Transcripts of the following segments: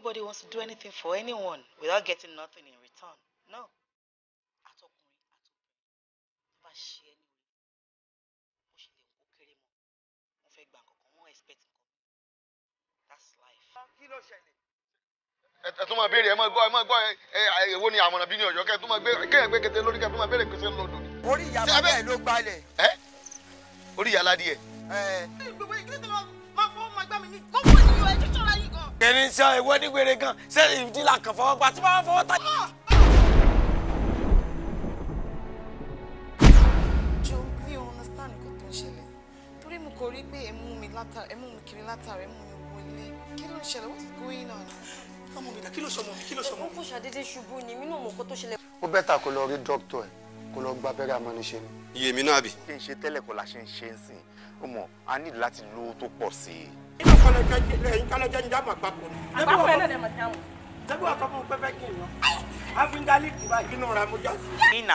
Nobody wants to do anything for anyone without getting nothing in return. No. That's life. Ẹ tún máa béèrè, ẹ máa gbọ́, ẹ máa gbọ́, ẹ èwo ni àmọ̀ràn bí ní ọ̀yọ́ kẹ́ ẹ máa gbé kéèyàn gbé kété lórí kẹ́ ẹ máa béèrè kété lódò. Orí ìyá bàbá ẹ̀ ló gbalẹ̀. Orí ìyá aládìẹ. Ẹ ẹni sọ ìwọ nígbèrè gan ṣé ìdílà kan fọwọ́ pa tí wọ́n fọwọ́ tá. jo mi ò understand nǹkan tó ń ṣẹlẹ̀ torí mo kò rí pé ẹ̀mú mi látara ẹ̀mú mi kiri látara ẹ̀mú mi wọ ilé kí ló ń ṣẹlẹ̀ what's going on. ọmọ mi dà kí ló sọ ọmọ mi kí ló sọ ọmọ mi. ó kò ṣàdédé ṣubú ni mí náà mọ̀ kó tó ṣẹlẹ̀. ó bẹ́tà kó lọ rí dókítà ẹ̀ kó lọ gba abẹ́rẹ́ amọ́niṣe ni. iye mi náà bì. ṣé ń ṣe tẹ́lẹ̀ kọ́ la ṣe ń ṣe ń sìn ó mọ̀ a ní láti lówó tó pọ̀ sí i. nínú kọlọjọ lẹ́yìn kọlọjọ ní jáàmù àpapọ̀. àpapọ̀ ẹ̀ lọ́dẹ̀ mọ̀ jáàmù. ṣẹ́gun ọkọ fún pẹ́pẹ́ kì í lọ. àfíńdálì kìlá ìbínú ra mú jọ sí. ìnà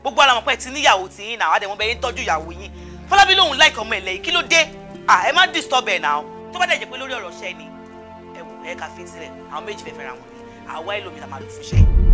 gbogbo àwọn ọmọkùnrin ti níyàwó ti ìnà àwọn àdẹ̀mọ́bẹ̀ yín tọ́jú ìyàwó yín fọlábí lòun láìka ọmọ ẹ̀lẹ́yìn kí ló dé ẹ má disturb ẹ̀ náà tó bá dẹ̀ jẹ́ pé lórí ọ̀rọ̀ ṣẹ́ ni ẹ̀wù ẹ̀ka fi sílẹ̀ àwọn méjì fẹ́ fẹ́ra wọn ni àwa ẹlòmíràn máa lò fún ṣẹ́.